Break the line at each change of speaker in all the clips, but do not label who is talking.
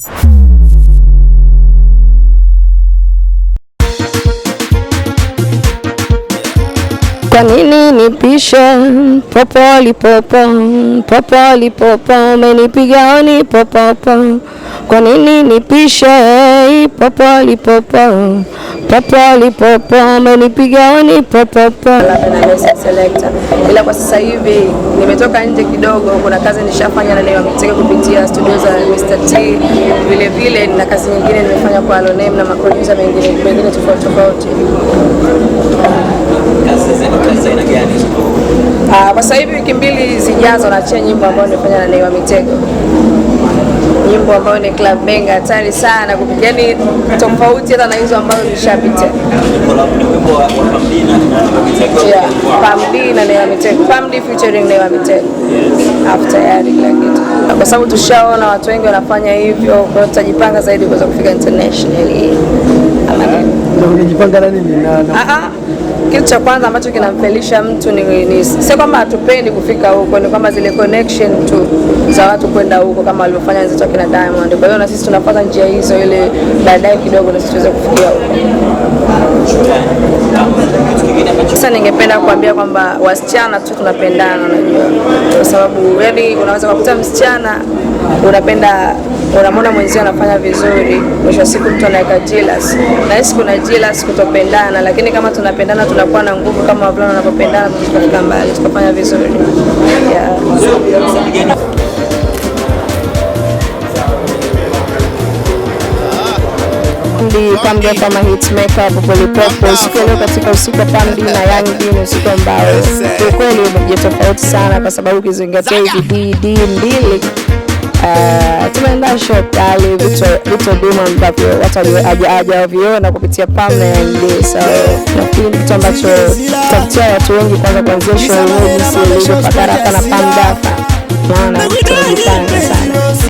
Thank you. Kwa nini nipishe popolipopo popolipopo umenipiga honi popopo? Kwa nini nipishe popolipopo popolipopo umenipiga honi popopo? Ila kwa sasa hivi nimetoka nje kidogo, kuna kazi nishafanya na nimeteka kupitia studio za Mr. T, vile vile na kazi nyingine nimefanya kwa Alonem na maproducer mengine mengine tofauti tofauti. Ah, kwa sasa hivi wiki mbili zijazo naachia nyimbo ambayo nimefanya na Neema Mitego, nyimbo ambayo ni Club Benga, hatari sana, yaani tofauti hata na hizo ambazo nishapita. Yeah, Pamdi na Mitego, Pamdi featuring Neema Mitego after tayari kila kitu, kwa sababu tushaona watu wengi wanafanya hivyo, kwa tutajipanga zaidi kuweza kufika internationally.
Umejipanga na nini? Ah,
ah. Kitu cha kwanza ambacho kinamfelisha mtu ni, ni kwamba hatupendi kufika huko, ni kwamba zile connection tu za watu kwenda huko kama walivyofanya wenzetu kina Diamond. Kwa hiyo na sisi tunafuata njia hizo, ili baadaye kidogo na sisi tuweze kufikia huko. Sasa ningependa kuambia kwamba wasichana tu tunapendana, unajua, kwa sababu yani unaweza kukuta msichana unapenda unamwona mwenzio anafanya vizuri, mwisho wa siku mtu anaweka jealous. Nahisi kuna jealous, kutopendana, lakini kama tunapendana tunakuwa na nguvu kama wavulana wanapopendana, tutafika mbali, tukafanya vizuri yeah. Pamda kama hitmaker Boboli Popo siku leo katika usiku wa Pamdi na Young Dean, usiku ambao kiukweli umejitofauti sana, kwa sababu ukizingatia hivi DD mbili Eh, tumeenda shop ali vitu bima ambavyo watu hawajaviona kupitia permanent, so nafikiri ni kitu ambacho kitavutia watu wengi, kwanza kuanzia show jinsi ilivyo Pakarafa na Pamdafa, maana tunajipanga sana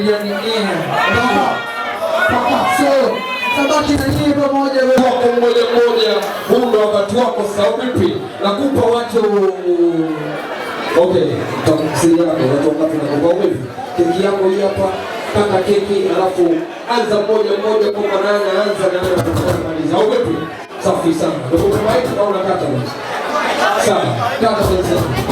milioni nne. Tabaki na nyinyi pamoja, wako mmoja mmoja, huu ndo wakati wako. Sasa vipi, nakupa watu keki yako hii hapa, paka keki, alafu anza mmoja mmoja, kwa nani anaanza na nani au vipi? Safi sana, ndio kama hivi, tunaona kata sawa, kata sasa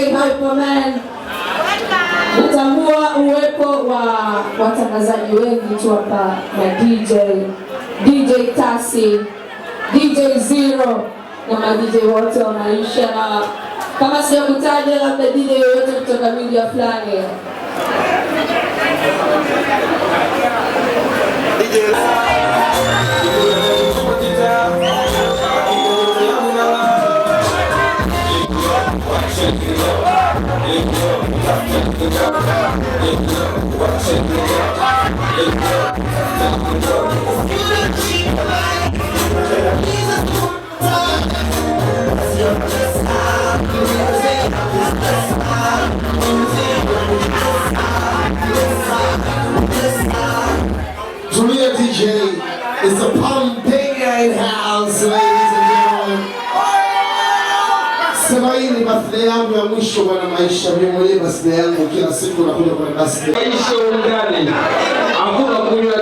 K Hyperman. Natambua uwepo wa watangazaji wengi tu hapa na DJ DJ Tasi, DJ Zero na madj wote wanaisha, na kama sijakutaja labda DJ yoyote kutoka media fulani DJ Watch it, watch it, watch
it, watch yangu ya mwisho bwana maisha, mimi mwenyewe birthday yangu kila siku nakuja kwa birthday. Maisha ungani. Hakuna kunywa